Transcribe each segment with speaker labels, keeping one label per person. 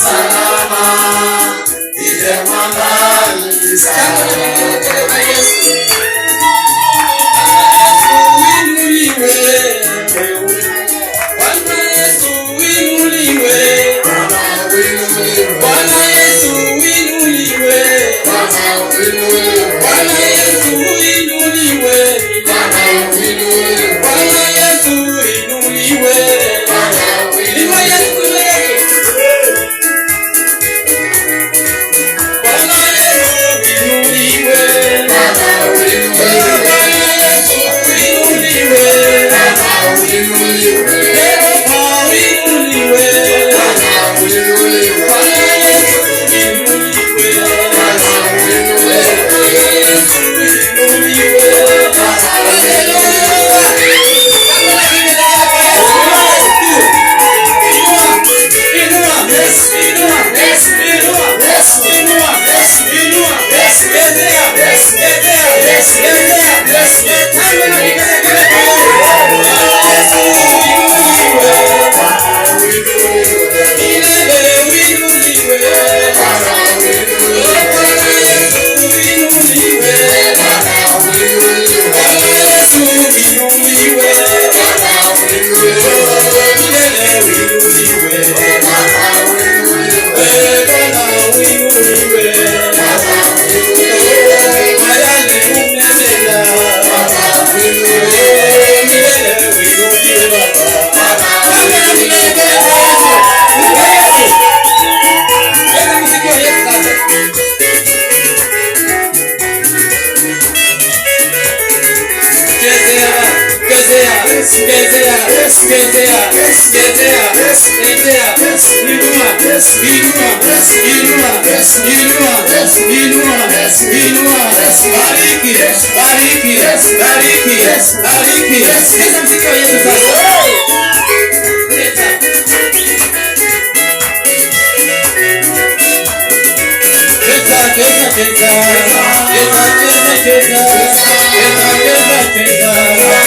Speaker 1: Salama, ile mama ni salama. Libera, libera, iluma, iluma, iluma, iluma, iluma, bariki, bariki, bariki, bariki. Essa música eu ia te fazer. Eita. Eita, eita, eita, eita, eita, eita, eita.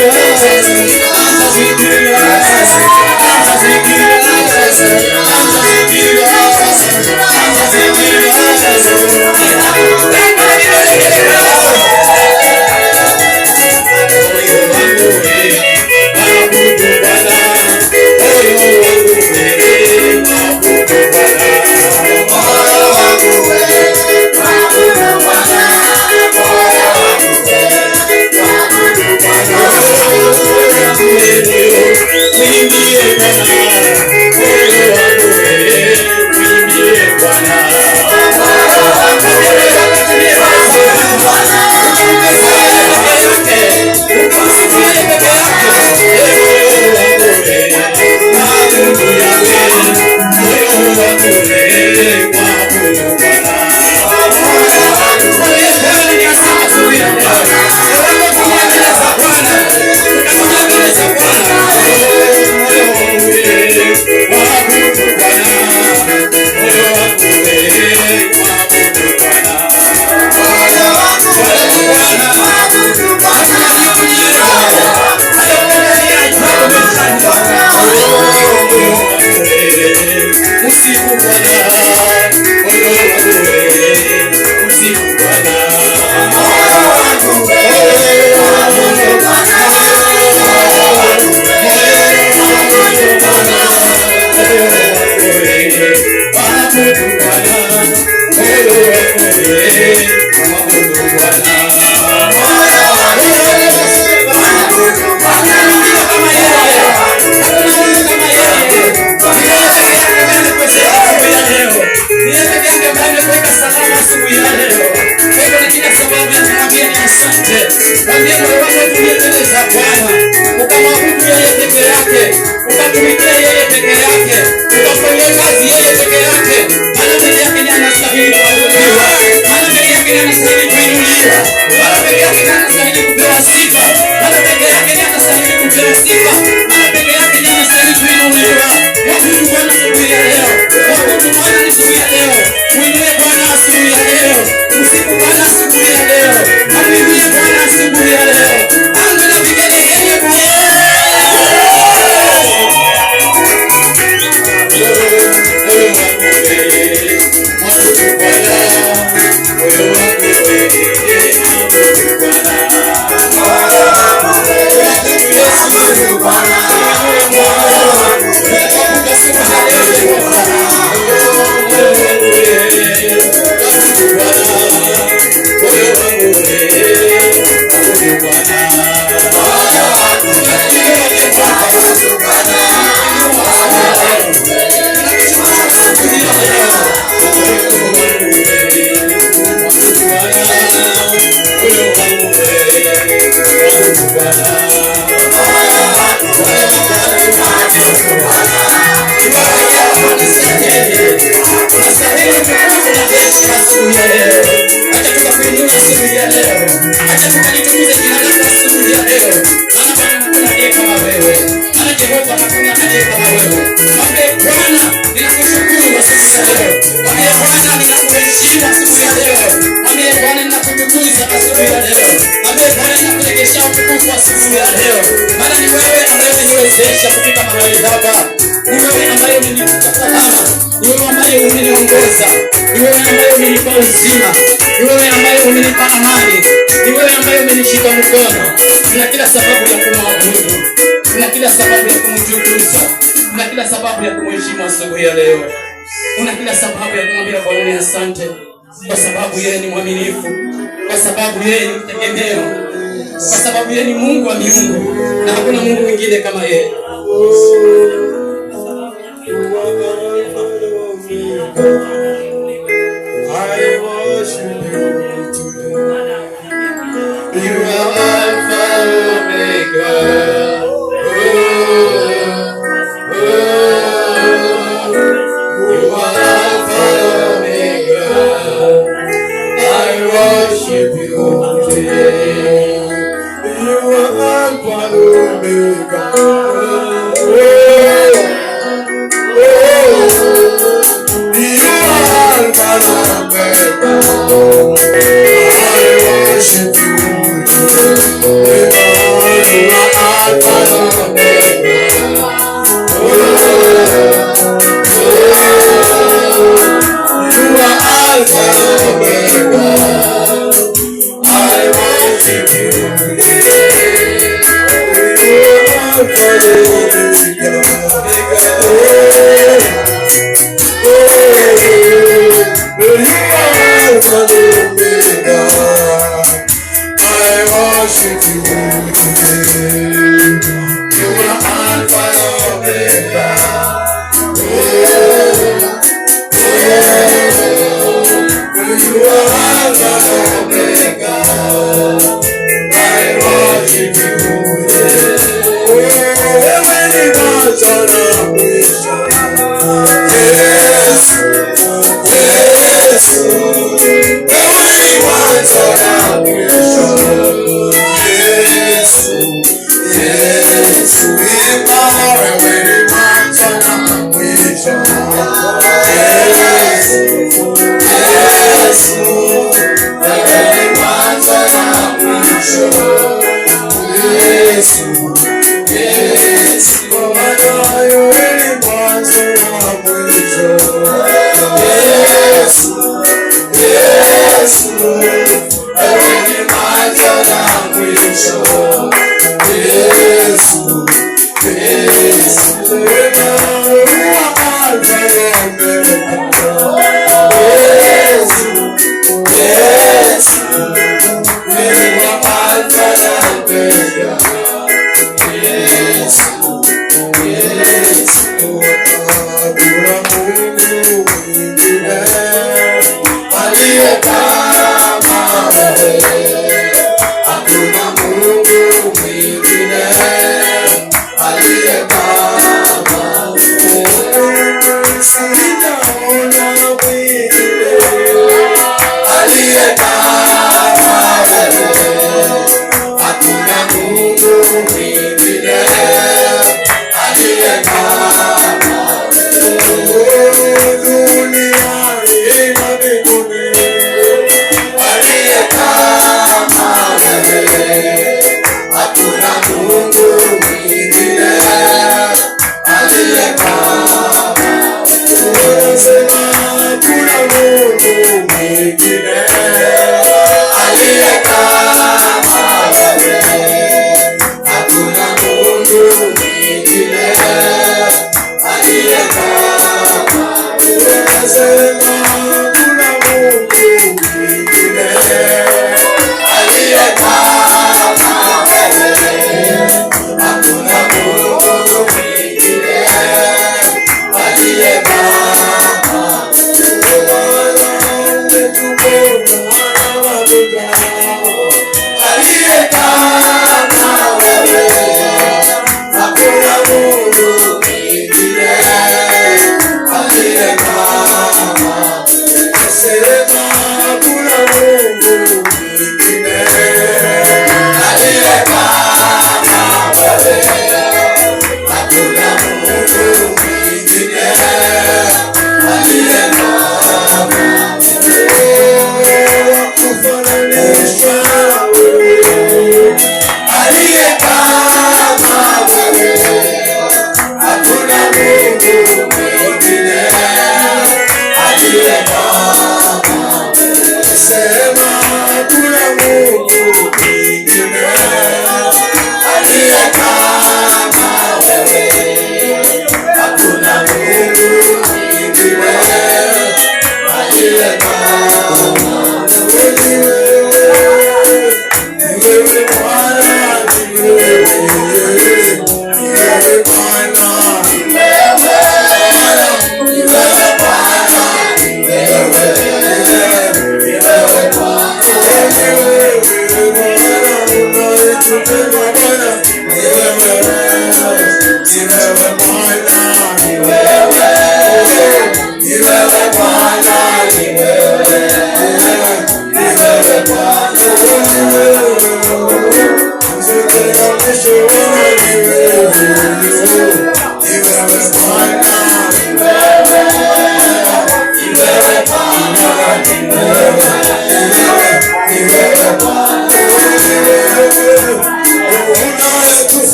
Speaker 1: Hallelujah. Hallelujah. Dios te dio de quedaste. wanafanya matendo kwa wewe. Mwambie Bwana, ninakushukuru siku ya leo. Mwambie Bwana, ninakuheshimu siku ya leo. Mwambie Bwana, ninakutukuza siku ya leo. Mwambie Bwana, ninakurejesha utukufu wa siku ya leo, maana ni wewe ambaye umeniwezesha kufika mahali hapa. Ni wewe ambaye umenikuta salama, ni wewe ambaye umeniongoza, ni wewe ambaye umenipa uzima, ni wewe ambaye umenipa amani, ni wewe ambaye umenishika mkono. Nina kila sababu ya kumwabudu, nina kila sababu kila sababu ya kumheshimu asubuhi ya leo, una kila sababu ya kumwambia Bwana asante, kwa sababu yeye ni mwaminifu, kwa sababu yeye ni mtegemeo, kwa sababu yeye ni Mungu wa miungu na hakuna Mungu mwingine kama yeye.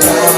Speaker 1: love.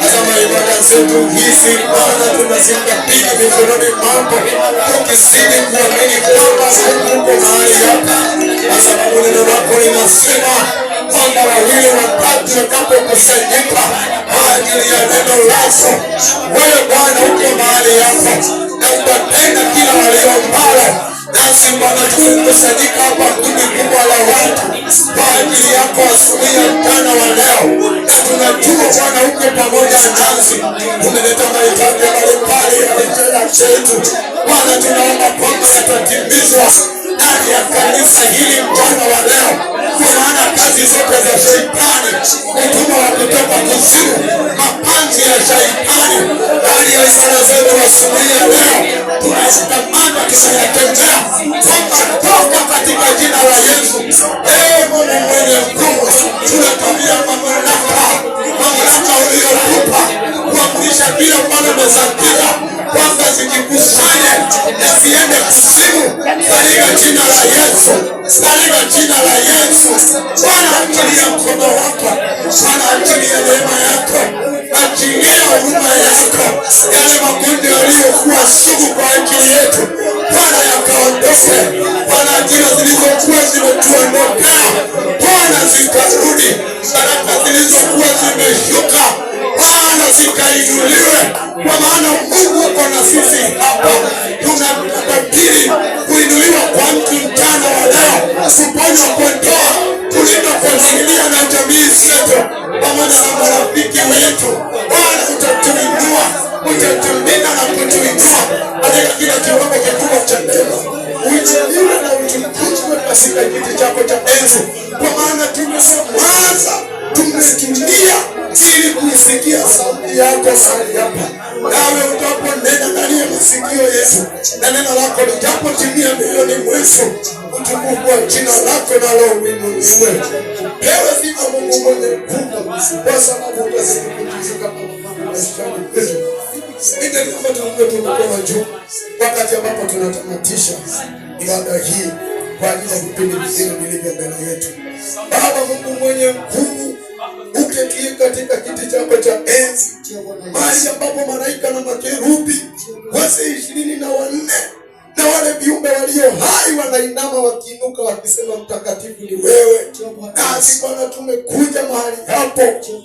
Speaker 1: Kama ibada zetu hizi Bwana tunazikabidhi mikononi mwako, tukizidi kuamini kwamba Mungu uko mahali hapa, kwa sababu neno lako linasema kwamba wawili watatu watakapokusanyika kwa ajili ya neno lako, wewe Bwana uko mahali hapa na utatenda kila waliombalo. Nasi Bwana tumekusanyika hapa kundi kubwa la watu kwa ajili yako asubuhi ya mchana wa leo, na tunajua Bwana uko pamoja nasi. Umeleta mahitaji mbalimbali ya kichwa chetu Bwana, tunaomba kwamba yatatimizwa ndani ya kanisa hili mchana wa leo, kwa maana kazi zote za shetani, utumwa wa kutoka kuzimu, mapanzi ya shaitani hali ya ibada zetu asubuhi ya leo, tunashikamana tunayatembea kwamba toka katika jina la Yesu. Ee Mungu mwenye nguvu, tunatumia mamlaka mamlaka uliyotupa kuamrisha bila maneno za kila kwamba zikikusanya na ziende kusimu katika jina la Yesu, katika jina la Yesu. Bwana, achilia mkono wako Bwana, achilia neema yako, achilia huruma yako, yale makundi yaliyokuwa sugu kwa ajili yetu Bwana yakaondoke Bwana, ajira zilizokuwa zimetuondokea Bwana zikarudi, baraka zilizokuwa zimeshuka Bwana zikainuliwe, kwa maana Mungu kwa na sisi hapa. Tunabadili kuinuliwa kwa mtu mchana wa leo, kuponya, kuondoa, kulinda, kuasilia na jamii zetu pamoja na marafiki wetu. Bwana utatuinua, utatumina na kutuinua katika kila kiwango kikubwa cha neema. Uinuliwe na utukuzwe katika kiti chako cha enzi, kwa maana tumesamaza, tumetulia ili Sikia sauti yako sali hapa, nawe utaponena ndani ya masikio Yesu, na neno lako litapotimia moyoni mwetu, utukufu wa jina lako nalo uinuliwe. Pewe ndiye Mungu mwenye nguvu, kwa sababu utasikutuzika juu. Wakati ambapo tunatamatisha ibada hii kwa ajili ya vipindi vizima vilivyo mbele yetu, Baba Mungu mwenye nguvu uketie katika kiti chako cha enzi, mahali ambapo malaika na makerubi wase ishirini na wanne wanainama wakiinuka, wakisema mtakatifu ni wewe. Nasi Bwana, tumekuja mahali hapo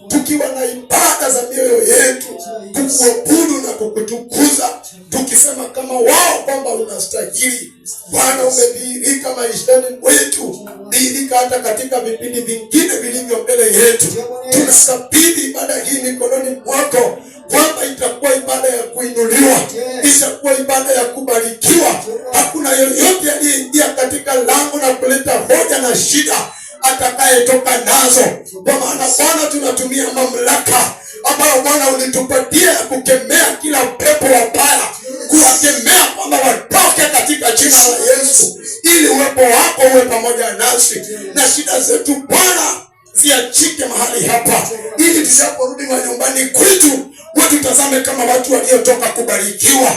Speaker 1: tukiwa na ibada za mioyo yetu kukuabudu na kukutukuza, tukisema kama wao kwamba unastahili Bwana. Umedhihirika maishani mwetu, dhihirika hata katika vipindi vingine vilivyo mbele yetu. Tunakabidhi ibada hii mikononi mwako kwamba itakuwa ibada ya kuinuliwa, itakuwa ibada ya kubarikiwa. Hakuna yoyote aliyeingia katika lango na kuleta hoja na shida atakayetoka nazo, kwa maana Bwana, tunatumia mamlaka ambayo Bwana ulitupatia ya kukemea kila pepo wabaya, kuwakemea kwamba watoke katika jina la Yesu, ili uwepo wako uwe pamoja nasi na shida zetu Bwana ziachike mahali hapa, ili tusiporudi manyumbani kwetu watutazame kama watu waliotoka kubarikiwa,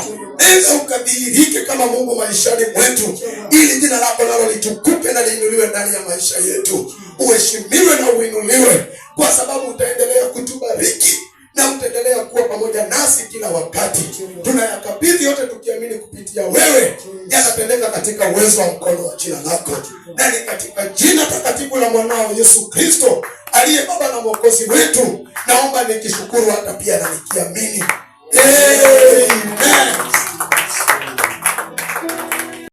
Speaker 1: eza ukadhihirike kama Mungu maishani mwetu, ili jina lako nalo litukupe na liinuliwe ndani ya maisha yetu, uheshimiwe na uinuliwe, kwa sababu utaendelea kutubariki na utaendelea kuwa pamoja nasi kila wakati. Tunayakabidhi yote tukiamini kupitia wewe yanatendeka katika uwezo wa mkono wa jina lako, na ni katika jina takatifu la mwanao Yesu Kristo aliye Baba na Mwokozi wetu, naomba nikishukuru hata pia na nikiamini. Amen.